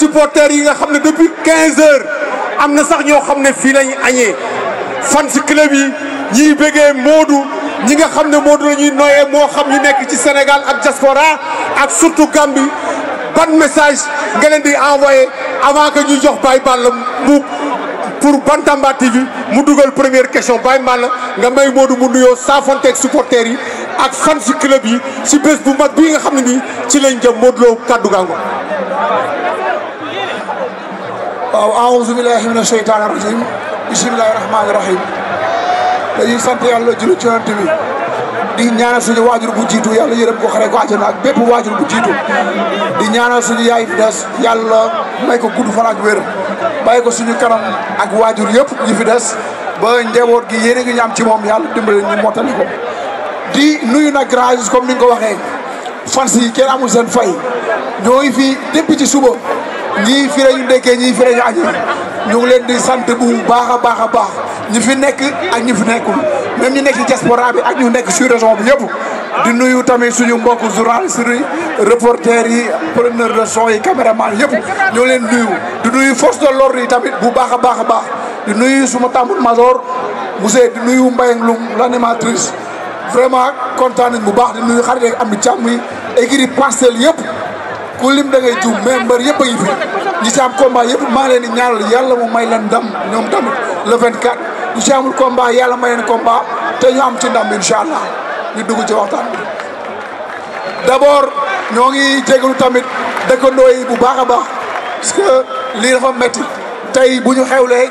supporters yi nga xamné depuis 15 h amna sax ño xamné fi lañ añee fan si club yi ñi bëggee Modou ñi nga xamné Modou la ñuy noyee moo xam ñu nekk ci Sénégal ak diaspora ak surtout Gambie ban message nga leen di envoyer avant que ñu jox Baye Balla mu pour Bantamba TV mu duggal première question Baye mal nga may Modou mu nuyo sa fonté supporters yi ak fans si club yi ci bës bu mag bi nga xamné ne ci lañ jëm modlo kaddu gango waaw aouzu billahi mina sheytaani rajim bismillahi rahmaani rahim dañuy sant yàlla julli ci di ñaanal suñu waajur bu jiitu yàlla yërëm ko xare ko àjjana ak bépp waajur bu jiitu di ñaanal suñu yaay fi des yàlla may ko gudd fan ak wér bàyyi ko suñu kanam ak waajur yëpp ñi fi des ba njaboot gi yéene gi ñu am ci moom yàlla dimbale ñu mottali ko di nuyu na grâce comme ni nga ko waxee fans yi kenn amul seen fay ñooy fii depuis ci suba ñii fi la ñu ndekkee ñii fi la ñu leen di sant bu baax a baax a baax ñi fi nekk ak ñi fi nekkul même ñu nekk ci diaspora bi ak ñu nekk sur région bi yëpp di nuyu tamit suñu mbokk journaliste yi reporter yi preneur de son yi caméraman yëpp ñoo leen nuyu di nuyu force de l'ordre yi tamit bu baax a baax a baax di nuyu suma tambul major monsieur di nuyu Mbayang Loum l'animatrice vraiment kontaan nañ bu baax di nuyu xarit ak am di càmm yi écrit parcelle yëpp ku lim da ngay juum mais mbër yëpp a ngi fi ñi si am combat yëpp maa ngi leen di yàlla mu may leen ndam ñoom tamit le 24 ñu si amul combat yàlla may leen combat te ñu am ci ndam incha allah ñu dugg ci waxtaan bi. d' abord ñoo ngi jégalu tamit dëkkandoo yi bu baax a baax parce que lii dafa metti tey bu ñu xewlee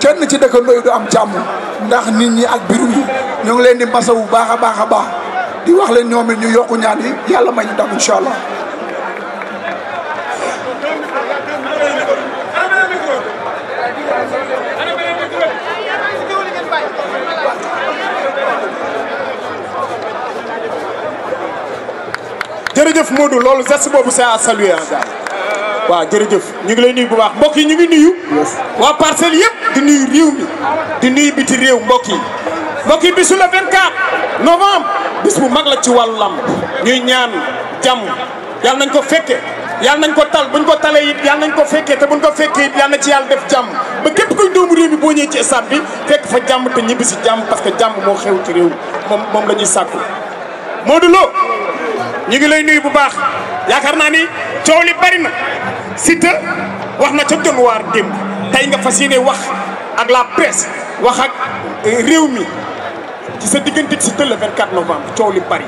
kenn ci dëkkandoo yi du am jàmm ndax nit ñi ak biru yi ñoo ngi leen di masa bu baax a baax a baax di wax leen ñoom ñu yokku ñaan yi yàlla may ñu ndam incha jërëjëf Modou loolu geste boobu c'est à saluer en gars waaw jërëjëf ñu ngi lay nuyu bu baax mbokk yi ñu ngi nuyu. waa parcelle yëpp di nuyu réew mi di nuyu biti réew mbokk yi mbokk yi bisu le 24 novembre bis bu mag la ci wàllu lamb ñuy ñaan jàmm yàlla nañ ko fekke yàlla nañ ko tal buñ ko talee it yàlla nañ ko fekke te buñ ko fekke it yàlla na ci yàlla def jàmm ba képp kuy doomu réew mi boo ñëwee ci stade bi fekk fa jàmm te ñibbi si jàmm parce que jàmm moo xew ci réew moom moom la ñuy sàkku Lo ñu ngi lay nuyu bu baax yaakaar naa ni coow li bari na Siteu wax na ca Dóor démb tey nga fas yéene wax ak la presse wax ak euh, réew mi ci sa diggante Siteu le 24 novembre coow li bari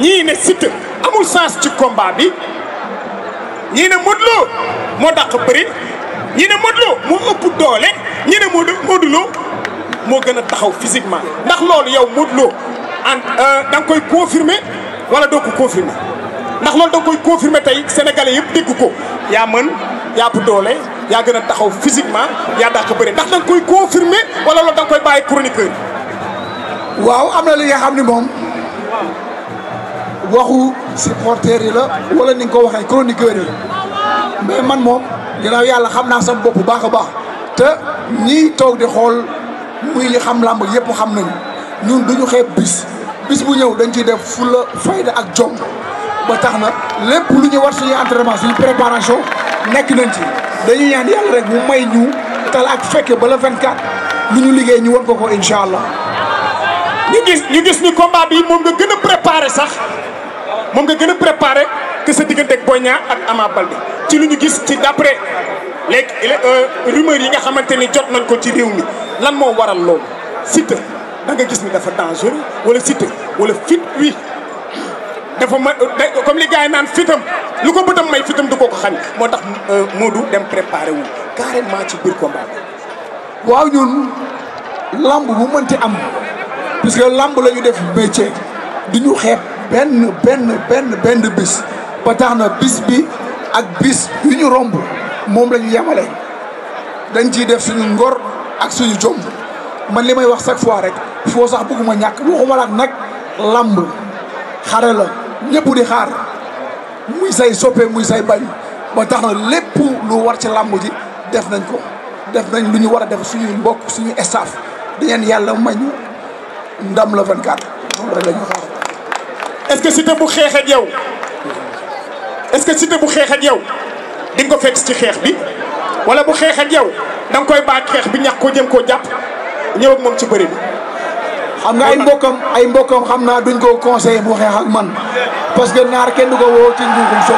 ñii ne Siteu amul sens ci komba bi ñii ne Modou Lo moo dàq bëri ñii ne Modou Lo moo ëpp doole ñii ne Modou Modou Lo moo gën a taxaw physiquement ndax loolu yow Modou Lo en euh, da nga koy confirmer wala doo ko confirmer ndax loolu da koy koy confirmer tey sénégalais yëpp dégg ko yaa mën yaa doole yaa gën a taxaw physiquement yaa ko bëri ndax da koy confirmer wala loolu da nga koy bàyyi chroniqueur waaw am na li nga xam ni moom waxu supporters yi la wala ni nga ko waxee chroniqueur yi mais man moom ginnaaw yàlla xam naa sama bopp bu baax a baax te ñii toog di xool muy li xam làmb yëpp xam nañu ñun duñu xeeb bis bis bu ñëw dañ ciy def fu fulla fayda ak jom ba tax na lépp lu ñu war suñu entraînement suñu préparation nekk nañ ci dañuy ñaan yàlla rek mu may ñu tal ak fekke ba la 24 lu ñu liggéey ñu war ko ko incha allah. ñu gis ñu gis ni combat bi moom nga gën a préparé sax moom nga gën a préparé que sa diggante ak Boy Niang ak Ama Baldé ci lu ñu gis ci d'après léegi euh, rumeur yi nga xamante ni jot nañ ko ci réew mi lan moo waral lool Siteu da nga gis ni dafa dangereux wala Siteu. wala fit wi dafa ma comme li gars yi naan fitam lu ko bëtam may fitam du ko ko xañ moo tax euh, Modou dem préparé wu carrément ci biir combat bi. waaw ñun lamb bu mënti am puisque lamb la ñu def métier du ñu xeeb benn benn benn benn bis ba tax na bis bi ak bis yu ñu romb moom lañu ñu yemale dañ ciy def suñu ngor ak suñu jom man li may wax chaque fois rek foo sax bëgguma ñàkk waxuma nag. làmb xare la ñëpp di xaar muy say soppe muy say bañ ba tax na lépp lu war ci lamb ji def nañ ko def nañ lu ñu war a def suñuy mbokk suñu staff di yàlla may ñu ndam la 24 loolu rek ce que Siteu bu xeex ak yow est que Siteu bu xeex ak yow di ko fekk ci xeex bi wala bu xeex ak yow da koy baaj xeex bi ñax ko jëm koo jàpp ñëw moom ci bëri bi. xam nga ay mbokam ay mbokam xamna duñ ko conseiller bu xex ak man parce que naar kenn du ko woo ci ndugum so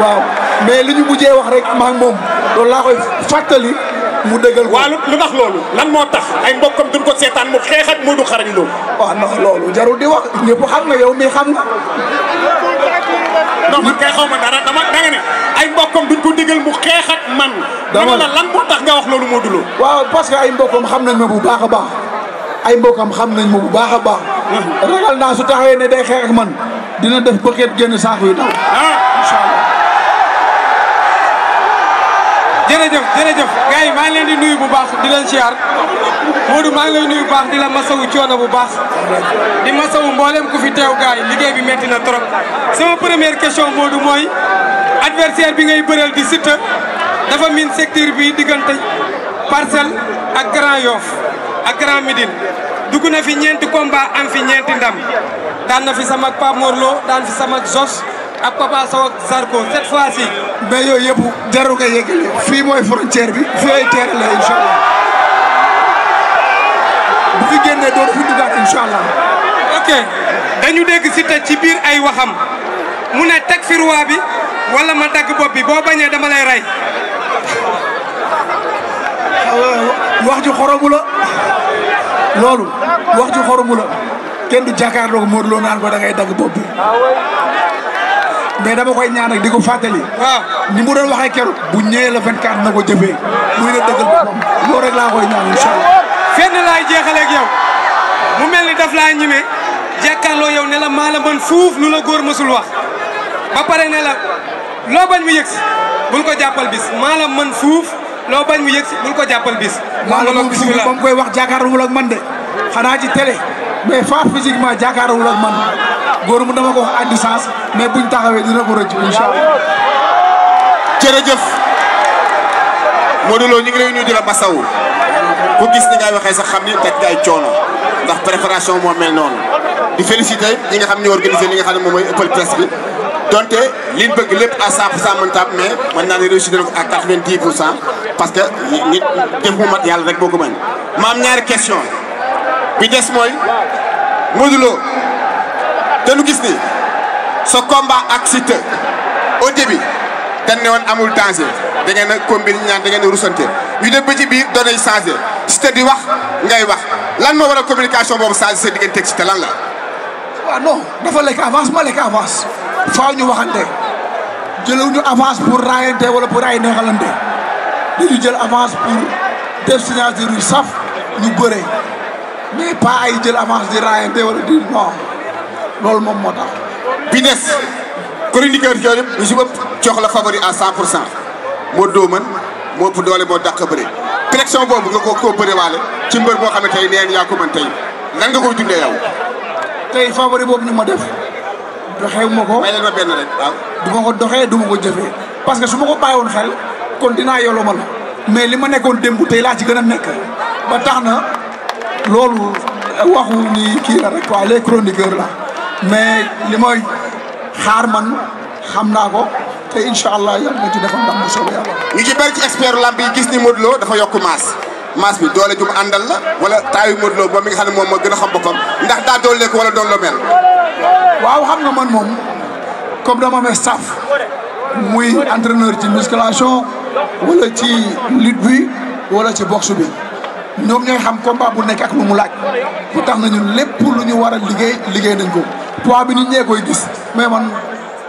waaw mais li bujé wax rek ma ak mom do la koy fatali mu deugal wa lu tax lolu lan mo tax ay mbokam duñ ko sétane mu xex ak Modou Xarañ Lo wa non lolu jarul di wax ñepp xam nga yow mi xam nga non man kay xaw dara dama da nga ne ay mbokkam ndigal mu xeex ak man. dama la lan moo tax nga wax loolu Modou Lo. waaw parce que ay mbokkam xam nañ ma bu baax a baax ay mbokkam xam nañ ma bu baax a baax. ragal naa su taxawee ne day xeex ak dina def bëkkët génn saako yi daw. ah incha jërëjëf jërëjëf gars yi maa ngi leen di nuyu bu baax di leen siyaar Modou maa ngi lay nuyu baax di la masawu coono bu baax di masawu mboolem ku fi teew gaay liggéey bi metti na trop sama première question Modou mooy adversaire bi ngay bëreel di Siteu dafa miin secteur bi diggante Parcelles ak Grand Yoff ak Grand Médine dugg na fi ñeenti combat am fi ñeenti ndam daan na fi sama Pape Mor Lo daan fi sama Zos ak Papa Sow ak Zarko cette fois ci. mais yooyu yëpp jarul nga yëgale fii mooy frontière bi fii ay terre la incha fi génnee doon fi dugaat incha allah. ok dañu dégg Siteu ci biir ay waxam mu ne teg fi roi bi wala ma dagg bopp bi boo bañee dama lay rey. wax ju xoromu la loolu wax ju xoromu la kenn du jàkkaarloo ko Modou Lo naan ko da ngay dagg bopp bi mais dama koy ñaan ak di ko fàttali. waaw ni mu doon waxee keroog bu ñëwee la 24 na ko jëfee muy la dëggal boppam loolu rek laa koy ñaan incha fenn lay jeexale ak yow mu melni daf la ñimé jàkkaarloo yow ne la mala la fouf fuuf lu la gor mësul wax ba paré ne la lo bañ mu yëgsi bul ko jappal bis mala la fouf lo bañ mu yëgsi bul ko jappal bis. mala la mën ba koy wax jàkkaarloo ak man de xana ci télé mais fa physiquement jàkkaarloo ak man gor mu dama ko wax andi sans mais buñ taxawé dina ko rëcc inshallah jërëjëf modulo ñi ngi lay ñu di la Massaw. ku gis ni ngay waxee sax xam ni daj ngay coono ndax préparation moo mel noonu di féliciter ñi nga xam ne organisé li nga xam ne moom mooy ëppal presse bi donte liñ bëgg lépp à 100 pour cent mën taam mais mën naa ne réussir na ko à 90 pour cent parce que nit def mu mat rek boo ko mën maam ñaari question bi des moy Modou Lo te nu gis ni sa combat ak Siteu au début dañ ne woon amul danger da ngeen a combine ñaan da ngeen a rusante ñu dem ba ci biir données yi changé di wax ngay wax lan moo war a communication boobu changé sa diggante ak Siteu lan la. waaw non dafa lekk avance ma lekk avance faaw ñu waxante jëlewuñu avance pour raayante wala pour raay neexalante dañu jël avance pour def signature yu saf ñu bëree mais pas ay jël avance di raayante wala di non loolu moom moo tax. bi des chroniqueur yooyu yëpp ñu si ëpp jox la favori à 100 pour moo doo mën moo ëpp doole moo dàq bëri pression boobu nga ko koo bëri waale ci mbër boo xam ne tey neen yaa ko mën tey lan nga koy dundee yow. tey favori boobu ñu ma def doxewu ma ko. may benn rek waaw. du ma ko doxee du ma ko jëfee parce que suma ko bàyyi woon xel kon dinaa yolomal mais li ma nekkoon démb tey laa ci gën a nekk ba tax na loolu waxu ni kii la rek waaye les chroniqueurs la mais li may xaar man xam naa ko. te incha allah yàlla na ci defal ndam bu soobee yàlla. ñu ci bëri ci experts lamb yi gis ni Modou Lo dafa yokk maas maas bi doole ju mu àndal la wala taayu Modou Lo moom mi xam moom moo gën a xam boppam ndax daa doole ko wala doon lo waaw xam nga man moom comme dama amee staff muy entraîneur ci musculation wala ci lutte bi wala ci boxe bi ñoom ñooy xam combat bu nekk ak lu mu laaj bu tax na ñun lépp lu ñu war a liggéey liggéey nañ ko poids bi nit ñee koy gis mais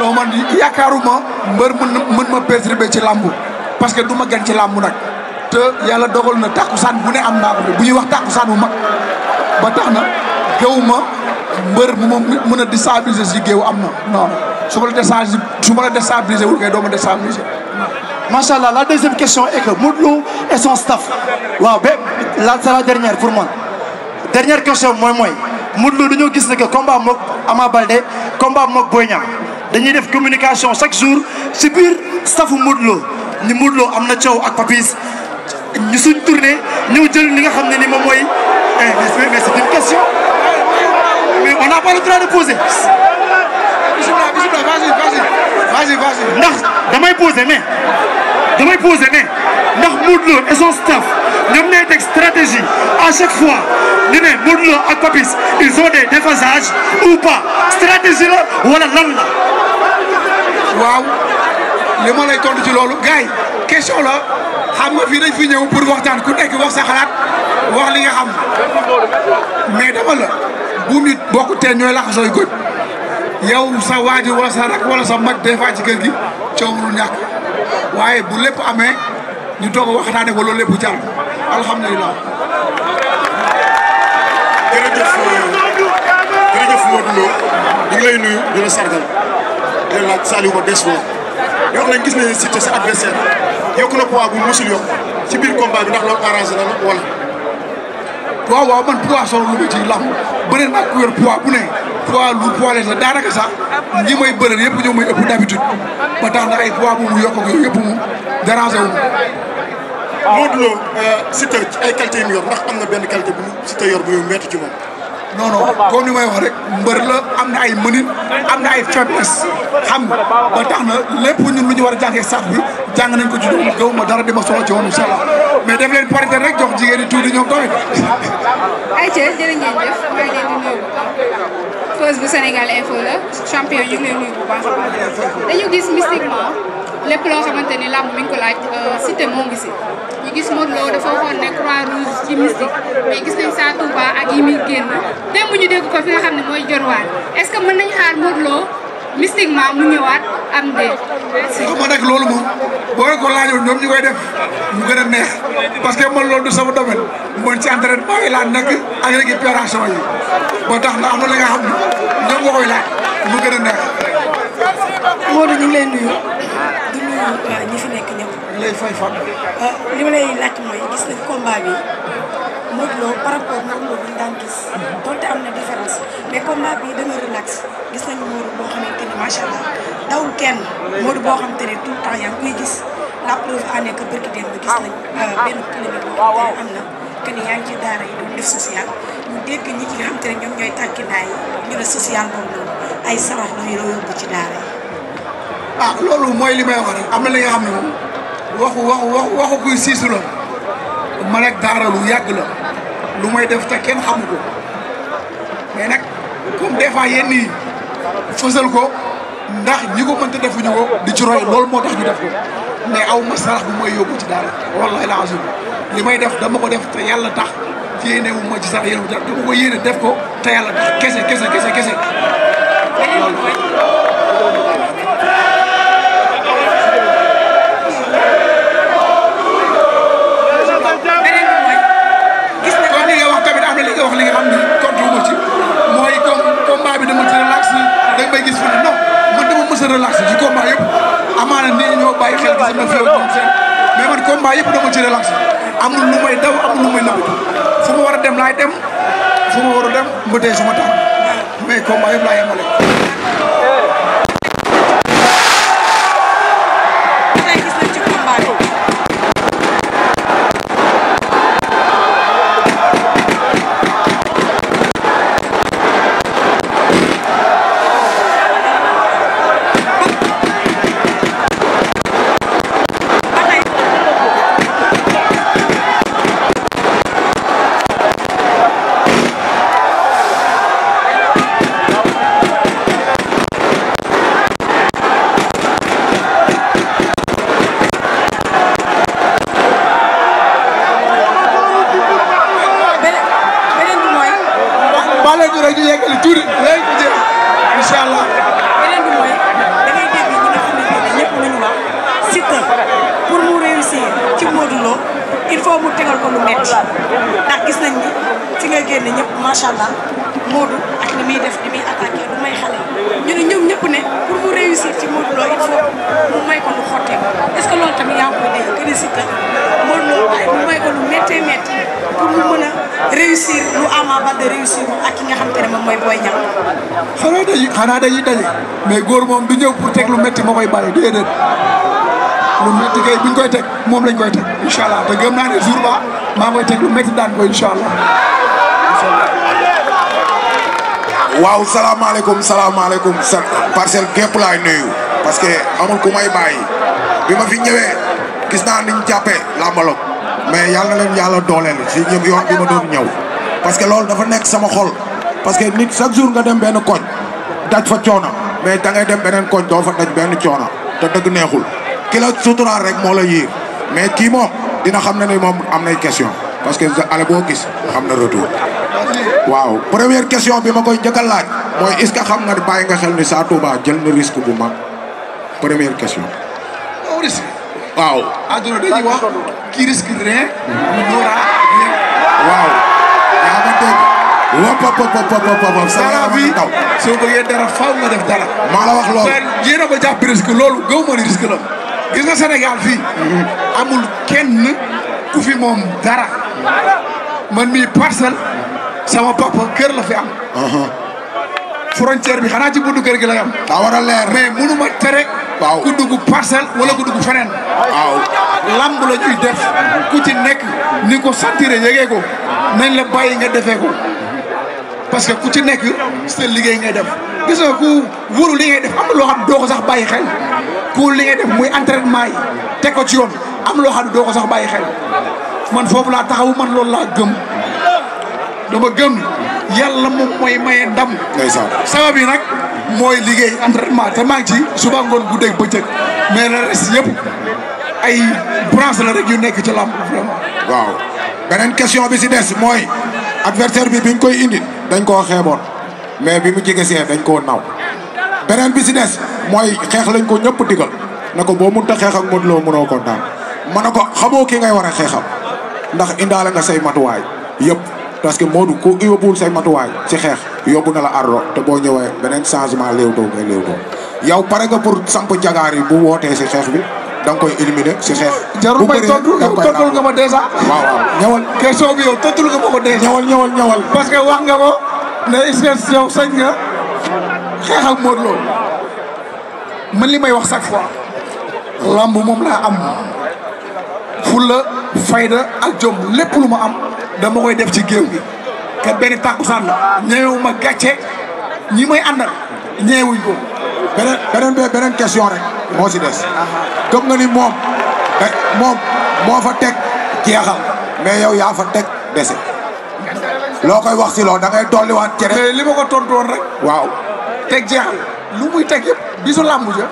non man yaakaaruma mbër mën na mën ma perturbé ci làmb parce que duma gan ci làmb nag te yàlla dogal na tàkkusaan bu ne am naa ko bu ñuy wax tàkkusaan bu mag ba tax na géew ma mbër mu ma mën a déstabiliser si géew am na non su ma la déstabiliser su ma la déstabiliser kay doo ma déstabiliser macha allah la deuxième question est et son staff waaw la c'est la pour moi dernière question mooy mooy Modou Lô dañoo gis ne que combat moog Ama Baldé combat moog Boy Niang dañuy def communication chaque jour c'est biir stafu modlo ni modlo Lo am na ak Papis ñu suñ tournés nous jël li nga xamné ni mais c'est une question mais on n'a pas le droit de poser. bismillah bismillah vas-y vas-y vas-y vas-y ndax damay poser ne damay poser ne ndax modlo et son staff ils ont une stratégie à chaque fois ñu ne ak Papis ils ont des déphasages ou pas stratégie voilà wala lan la. waaw li ma lay tontu ci loolu gars yi la xam nga fii dañ fi ñëw pour waxtaan ku nekk wax sa xalaat wax li nga xam mais dama la bu nit bokk teen ñooy laxasooy goj yow sa waajur wala sa rak wala sa mag des fois ci kër gi coow lu ñàkk waaye bu lépp amee ñu toog a waxtaane ba lépp jàll alhamdulilah. jërëjëf jërëjëf Modou Lo ñu la sargal. di laaj Saliou Ba des fois wax nañ gis nañu Siteu sa adversaire yokk na poids bu musul yokk si biir combat bi ndax loolu arrangé na la wala. waaw waaw man poids solo lu ma ciy lam bëri naa yor poids bu ne poids lu poids la daanaka sax ñi may bëri yëpp ñoo may ëpp d'habitude ba tax na ay poids bu mu yokk yooyu yëpp mu dérangé wu. waaw Modou Lo euh, ci ay qualité yu mu yor ndax am na benn qualité bu Siteu yor bu métti ci moom. non non comme ni may wax rek mbër la am na ay mënin am na ay faiblesse xam nga ba tax na lépp ñun lu ñu war a jàngee sax bi jàng nañ ko ci dugub gaw ma dara di ma soxla ci mais def leen parité rek jox jigéen ñi tuuti ñoom tamit. ayca jërë ngeen jëf maa bu Sénégal la champion ñu ngi lay nuyu bu baax a baax dañu lépp loo xamante ni làmb mi ngi ko laaj euh, Siteu moo ngi si ñu gis Modou Lo dafa waxoon ne croix rouge ci mystique mais gis nañ saa Touba ak yi muy génn démb ñu dégg ko fi xam ne mooy jorwaar est-ce mën nañ xaar Modou Lo mystiquement mu ñëwaat am de. waaw man nag loolu moom boo koy def mu gën a neex parce que man na am na la nga xam ne ñoom nga a neex. ñu ngi lay nuyu. ñi fi nekk ñëpp. lay fay fan. Euh, li ma mooy gis nañ combat bi Modou Lo par rapport ak Modou Lo bi daan gis. Hmm. donte am na différence mais combat bi dana relax gis nañu Modou boo xamante ni macha allah dawul kenn Modou boo xamante ne tout le temps yaa ngi koy gis la preuve en est que barki démb gis nañ euh, ah. benn kilomètre boo xamante am na que ni yaa ngi ci daara yi doon def social ñu dégg ñi nga xamante ne ñoom ñooy tàkki daay ñu ne social boobu noonu ay sarax la yóbbu ci daara yi. ah loolu mooy li may wax rek am na li nga xam ne moom waxu waxu waxu kuy siisu la man ak daara yàgg la lu may def te kenn xamu ko mais nag comme des fois yenn yi fësal ko ndax ñi ko mënta defuñu ko di ci roy loolu moo tax ñu def ko mais aw ma sarax bu may yóbbu ci daara wallahi la li may def dama ko def te yàlla tax ci yéene wu ma ci sarax yéen wu dama ko yéene def ko te yàlla tax kese kese kese kese mës a relax ci combat yëpp amaana nit na féew seen mais man yëpp dama ci relax amul lu may daw amul lu may nëbbatu fu ma war a dem laay dem fu ma war a dem mbëtee suma taam mais combat yëpp laay yemale xanaa de xanaa dañuy mais góor moom du ñëw pour teg lu métti ma koy bari déedéet lu métti kay buñ koy teg moom lañ koy teg incha allah te gëm naa ne jour ba maa koy teg lu métti daan ko incha allah. waaw salaamaaleykum sa parcelle gépp nuyu parce que amul ku may bàyyi bi ma fi ñëwee gis naa niñ jàppee làmbaloog mais yàlla na leen yàlla dooleel si ñëpp yoon bi ma doon ñëw parce que loolu dafa nekk sama xol. parce que nit chaque jour nga dem benn koñ daj fa coono mais da dem beneen koñ doo fa daj benn coono te dëgg neexul ki la suturaal rek moo la yiir mais kii moom dina xam ne ni moom am nay question parce que ale boo gis xam na retour waaw première question bi ma koy njëkk a mooy est-ce que xam nga bàyyi nga xel ni Sa Touba jël na risque bu mag première question waaw àdduna dañuy wax qui risque rien n'aura rien waaw wop wop wop wop wop dara bi soo bëggee dara faaw nga def dara maa la wax loolu yéen a ma jàpp risque loolu gëw ma ni risque la gis nga Sénégal fii amul kenn ku fi moom dara man mii parcelle sama papa kër la fi am uh-huh. frontière bi xanaa ci buntu kër gi lay am daa a leer mais mënu tere waaw ku dugg parcelle wala ku dugg feneen waaw lamb la def ku ci nekk ni ko santire yegee ko nañ la bàyyi nga defee ko parce que ku ci nekk sa liggéey ngay def gis nga ku wóoru li ngay def am lo xam do ko sax baye xel ku li ngay def muy entraînement yi te ko ci yoon am lo xam do ko sax baye xel man fofu la taxaw man lool la gëm dama gëm yalla mo moy maye ndam ndaysan sama bi nak moy liggéey entraînement te maa ci suba ngoon guddeeg beuk mais la res yëpp ay branche la rek yu nek ci lamb vraiment waaw benen question bi ci dess moy adversaire bi biñ koy indi dañ koo xeeboon mais bi mu jege see dañ koo naw beneen bi si des mooy xeex lañ ko ñëpp digal na ko boo mënta xeex ak Modou Lo mënoo ko daan ma ne ko xamoo ki ngay war a xeexam ndax indaale nga say matuwaay yëpp parce que Modou ku yóbbuwul say matuwaay ci xeex yóbbu na la arro te boo ñëwee beneen changement léew doo ngay léew doo yow pare nga pour samp jagaar yi bu wootee si xeex bi da nga koy éliminer si xeex. jarul may tontu tontul nga ma dèjà. waaw waaw ñëwal. question bi yow tontul nga ma ko dèjà. ñëwal ñëwal que wax nga ko ne est yow sañ nga xeex li may wax chaque fois. lamb moom laa am fulla fayda ak jom lépp lu ma am dama koy def ci géew gi ka benn tàkkusaan la ñeewu ma gàcce ñi may àndal ñeewuñ ko beneen beneen beneen question rek moo ci des gëm nga ni moom moom moo fa teg jeexal mais yow yaa fa teg dese loo koy wax si loo da ngay dolliwaat cere mais li ma ko tontu woon rek waaw teg jeexal lu muy teg yëpp bisu làmb ja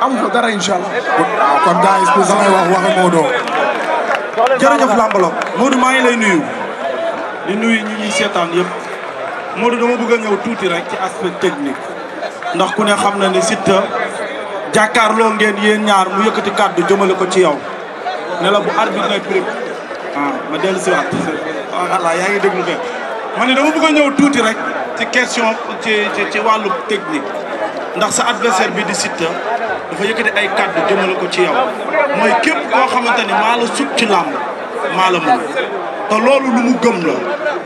amu fa dara incha allah waaw kon gars yi pour samay wax waxe Modou jërëjëf làmbalo Modou maa ngi lay nuyu di nuyu ñi ñuy seetaan yëpp Modou dama bëgg a ñëw tuuti rek ci aspect technique ndax ku ne xam na ne Siteu jàkkaarloo ngeen yéen ñaar mu yëkkati kàddu jëmale ko ci yow ne bu arbitre ne prime waaw ah, ma dellu si waat voilà yaa ngi déglu ko ma ne dama bëgg a ñëw tuuti rek ci question ci ci wàllu technique ndax sa adversaire bi di Siteu dafa yëkkati ay kàddu jëmale ko ci yow mooy képp koo xamante ni maa la sut ci làmb maa la mën te loolu lu mu gëm la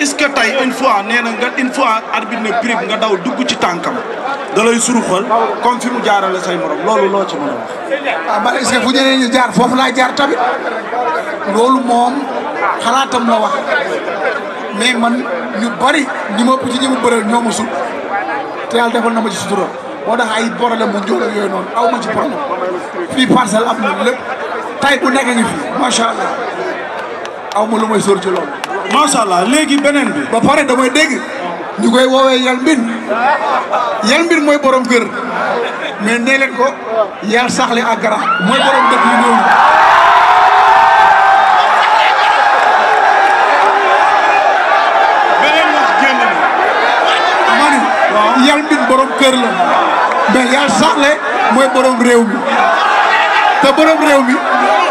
est-ce que tey une fois nee na nga une fois arbitre ne prime nga daw dugg ci tànkam da lay suruxal comme fi mu jaarale say morom loolu loo ci mën a wax. ah man est fu ñeneen ñu jaar foofu laa jaar tamit loolu moom xalaatam la wax mais man ñu bari ñi ma ci ñi mu bëreel ñoo ma sut te yàlla defal na ma ci sutura boo tax ay problème mu njóol yooyu noonu aw ma ci problème fii parcelle am na lépp tay bu nekk ngi fi macha allah. aw lu mooy sóor ci loolu. léegi beneen bi. ba pare damay dégg ñu koy woowee yal mbin yal mbin mooy borom kër mais nee leen ko yal saxle ak gara mooy borom dëkk yu ñëw beneen wax génn ma ni yal mbin borom kër la mais yal saxle mooy borom réew mi te borom réew mi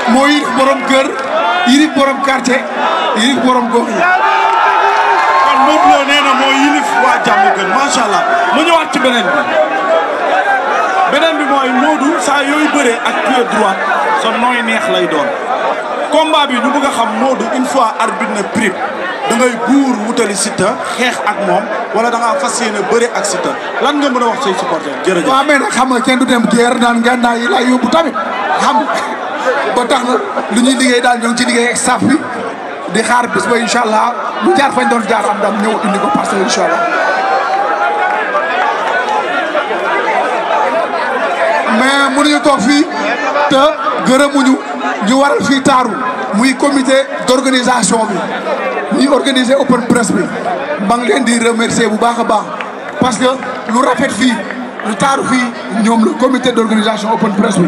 mooy borom kër. yilif borom quartier yilif borom gox yi. kon Modou Lo nee na moo yilif waa jàmm gën macha allah mu ñëwaat ci beneen bi beneen bi mooy Modou saa yooyu bëree ak pied droit sa nooy neex lay doon. combat bi ñu bëgg a xam Modou une fois arbitre na prime da ngay buur wutali Siteu xeex ak moom wala da ngaa fas yéene bëre ak Siteu lan nga mën a wax say supporters jërëjëf. waaw mais xam na kenn du dem guerre daan gànnaay yi lay yóbbu tamit xam ba tax na lu ñuy liggéey daal ñoo ci liggéey ak staff bi di xaar bis ba incha allah lu jaar fañ doon jaar am daal ñëw indi ko parce que incha allah mais mënuñu toog fii te gërëmuñu ñu waral fii taaru muy comité d' organisation bi ñuy organiser open press bi ma ngi leen di remercier bu baax a baax parce que lu rafet fii lu taaru fii ñoom la comité d' organisation open press bi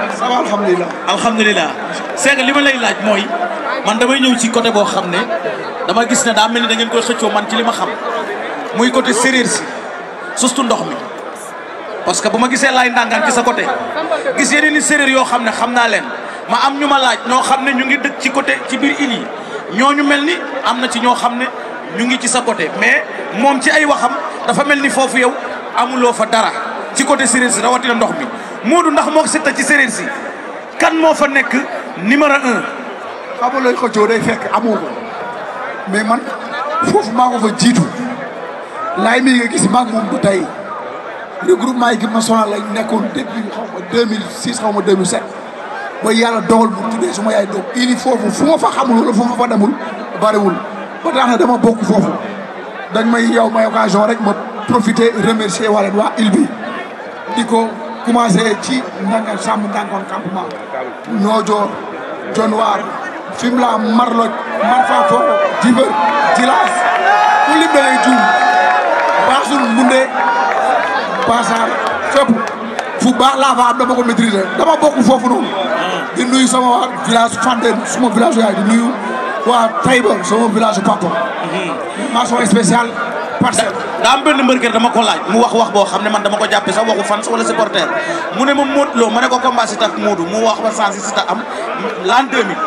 ça va alhamdulilah. alhamdulilah c'est que li ma lay laaj mooy man damay ñëw ci côté boo xam ne dama gis ne daa mel ni da ngeen koy xëccoo man ci li ma xam muy côté séréer si surtout ndox mi. parce que bu ma gisee laay ndàngaan ci sa côté gis yeneen i séréer yoo xam ne xam naa leen ma am ñu ma laaj ñoo xam ne ñu ngi dëkk ci côté ci biir île yi ñu mel ni am na ci ñoo xam ne ñu ngi ci sa côté mais moom ci ay waxam dafa mel ni foofu yow amuloo fa dara ci côté séréer si rawatina ndox mi. Modou ndax moko ko ci séréer si kan mo fa nek numéro 1 xam lay ko joo day fekk amoo mais man foofu maa ko fa jiitu lay mi nga gis mom moom tay le regroupement équipe nationale lay nekkoon depuis xawma 2006 xawma 2007 ba yalla dogal bu tuddee suma ma yaay doog ili fofu fu fa xamul wala fu ma fa demul bariwul ba tax na dama bokk fofu dañ may yow may occasion rek ma profiter remercier wala wa ilbi diko commencé ci ndangal sàmm ndangoon campement Noojoor Jonwaar Fimela Marloj Marfato Djibër Djilas ku lim da ngay juum baasul Mbunde Basaar fépp fu baax laa fa am dama ko maîtriser dama bokk foofu noonu di nuyu sama waa village Fandène suma village yaay di nuyu waa Taïba sama village papa mhm. mention spéciale parcelle daa am benn mbërkër dama ko laaj mu wax wax boo xam man dama ko jàppe sax waxu fans wala supporter mu ne ma Modou Lo ma ne ko combat si tax Modou mu wax ba sens si tax am l'an 2000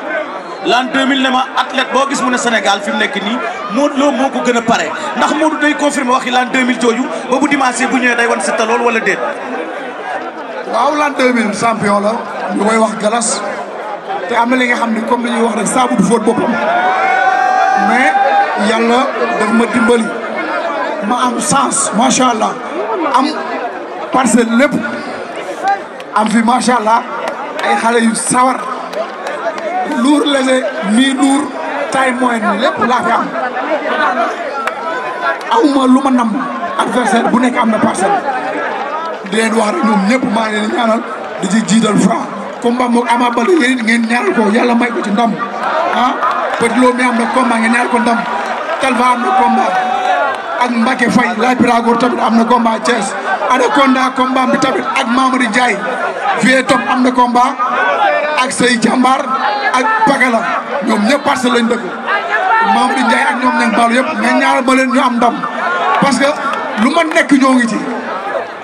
l'an 2000 ne ma athlète boo gis mu ne Sénégal fi mu nekk nii Modou Lo moo ko gën a pare ndax Modou day confirmer waxi l'an 2000 jooju ba bu dimanche bu ñëwee day wan si ta lool wala déet waaw l'an 2000 champion la ñu koy wax galas te am na li nga xam ne comme li ñuy wax rek saabu du fóot boppam mais yàlla daf ma dimbali ma am sens macha allah am parcelle lépp am fi macha allah ay xale yu sawar luur léger mi luur taille moyenne lépp laa fi am awma lu ma nam adversaire bu nekk am na parcelle di leen wax rek ñoom ñëpp maa ngi leen ñaanal di ci jiital Franc combat moom Ama Baldé yéen ngeen ñaanal ko yàlla may ko ci ndam ah Petit Lo am na combat ngeen ñaanal ko ndam Talfa am na combat ak Mbacke Faye laaj Biragour tamit am na combat Thiès Anaconda combat bi tamit ak Mamadou Ndiaye vie top am na combat ak say jàmbaar ak Pakala ñoom ñëpp parce lañ dëkk Mamadou Ndiaye ak ñoom ñang baalu yëpp nga ñaar ma leen ñu am ndam parce que lu ma nekk ñoo ngi ci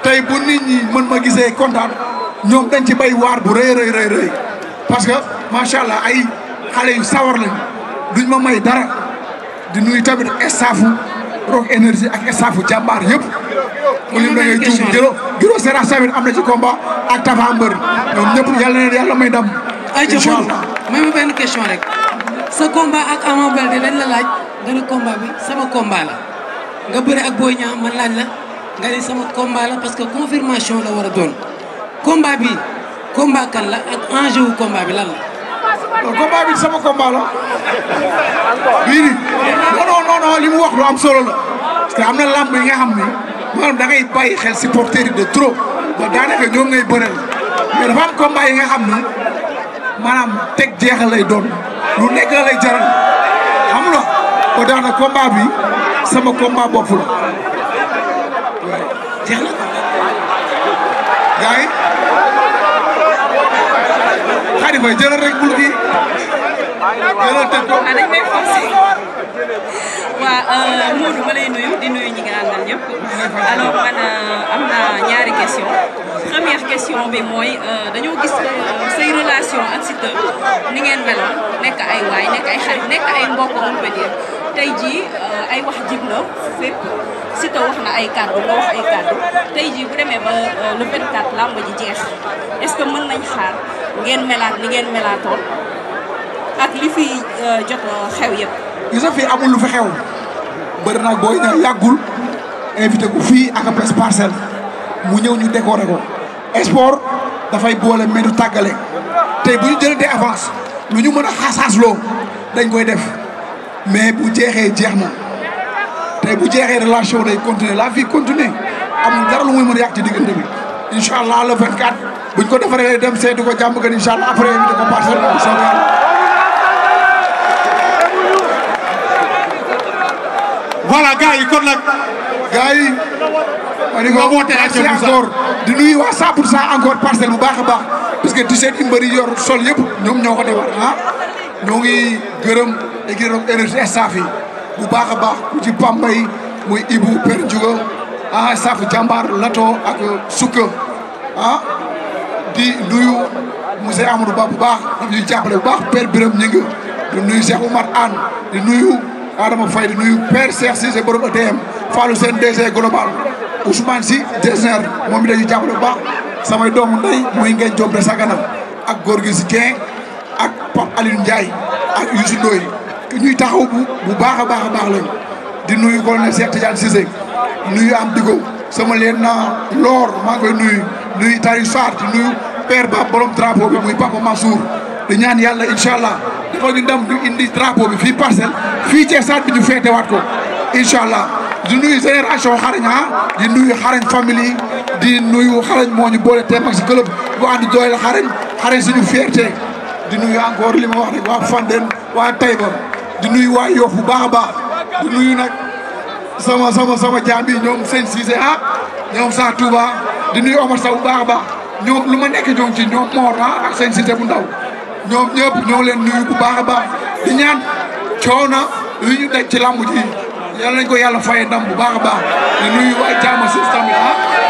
tey bu nit ñi mën ma gisee kontaan ñoom dañ ci bay waar bu rëy rëy rëy rëy parce que macha allah ay xale yu sawar lañ duñ ma may dara di nuyu tamit estaafu roog énergie ak staffu jàmbaar yëpp. mu lim da ngay juum Giro Giro Seras am na ci combat ak Tapha Mbeur ñoom ñëpp yàlla na yàlla may ndam. incha allah may ma benn rek. sa combat ak Ama Baldé lañ la laaj nga ne combat bi sama combat la nga bëre ak Boy Niang man laaj la nga ne sama combat la parce que confirmation la war a doon combat bi combat kan la ak enjeu wu bi lan non combat bi sama combat la. bii nii non non non li mu wax lu am solo la. parce que am na lamb yi nga xam ni maanaam da ngay bàyyi xel supporter yi de trop ba daanaka ñoom ngay bëreel mais dafa am combat yi nga xam ni maanaam teg jeexal lay doon lu nekk lay jaral xam nga ba daanaka combat bi sama combat bopp la waaye jeex na. gars yi may jëlal rek bul kii jëlal teg ko. ah dañ may forcé waaw euh, ma lay nuyu di nuyu ñi nga àndal ñëpp man euh, am ñaari question première question bi mooy euh, dañoo gis say ak Siteu ni ngeen meloon ah, nekk ay waay nekk ay xarit nekk ay mbokk on tey jii euh, ay wax jib na fépp Siteu wax na ay kàddu nga wax ay kàddu tey jii bu demee ba euh, le 24 làmb ji jeex est-ce que mën nañ xaar ngeen melaat ni ngeen melaatoon ak li fi euh, jot xew yëpp. gis nga amul lu fi xew bëri nag booy ña yàggul invité ko fii ak presse parcelle mu ñëw ñu décoré ko sport dafay boole mais tàggale. tay buñu jël dé avance luñu mëna xassas lo dañ koy def mais bu jéxé jéxna tay bu jéxé relation day continuer la vie continue am dara lu muy mëna a yàq ci diggante bi inshallah le 24 buñ ko défaré dem seetu ko jamm gën inshallah après bi ko passer ko soobee voilà gars yi kon nak gars yi. ani ko woote ak encore di nuyu wa 100 encore parcel bu baax baax. parce que 17 mbër yi yor sol yëpp ñoom ñoo ko defar ah ñoo ngi gërëm di gërëm énergie staff bu baax a baax ku ci Pambay muy Ibou Père Ndiouga ah staff jàmbaar Lato ak Sukka ah di nuyu monsieur Amadou Ba bu baax daf ñuy jàppale bu baax Père Birame Ngingue di nuyu Cheikh Oumar Anne di nuyu Adama Faye di nuyu Père Cheikh Cissé borom ATM e Fallou Sène DG global Ousmane Sy DSR moom it dañuy jàppale bu baax. samay doomu ndey muy ngeen Diop de Sagana ak góor gi si Dieng ak Pape Alioune Ndiaye ak Youssou Ndoye ñuy taxaw bu bu baax a baax a baax di nuyu colonel Cheikh Tidiane Cissé nuyu am digo sama leen na loor maa koy nuyu nuyu Tari Sarr di nuyu père ba borom drapeau bi muy Papa Mansour di ñaan yàlla incha allah dafa ñu ndam du indi drapeau bi fii parcelle fii ci stade bi ñu feetewaat ko incha allah di nuyu génération xarañ ah, di nuyu xarañ famille di nuyu xarañ moo ñu boole Tepax si club bu ànd dooleel xarañ xarañ suñu fierté di nuyu encore li ma wax rek waa Fandène waa Taïba di nuyu waa Yoff bu baax a baax di nuyu nag sama sama sama jaam yi ñoom sëñ Cissé ah ñoom Sa Touba di nuyu Omar Sow bu baax a baax ñoom lu ma nekk ñoom ci ñoom Mor ah ak sëñ Cissé bu ndaw ñoom ñëpp ñoo leen nuyu bu baax a baax di ñaan coono yu ñu daj ci làmb ji yal nañ ko yàlla faye ndam bu baax a baax di nuyu waa jaama sis tamit ah.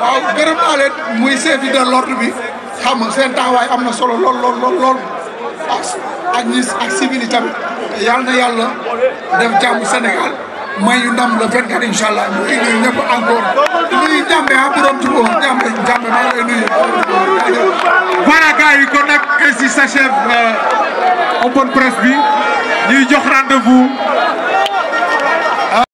waaw gërëm naa leen muy service de l'ordre bi xam nga taxawaay am na solo lool lool lool ak ñi ak civil yi tamit yal na yàlla def jàmm Sénégal may ñu ndam le 24 incha allah ñu indi ñëpp encore nuyu jàmbe ah borom Touba jàmbe jàmbe maa ngi lay nuyu. voilà gars yi kon nag ainsi s'achève open euh, presse bi ñuy jox rendez-vous.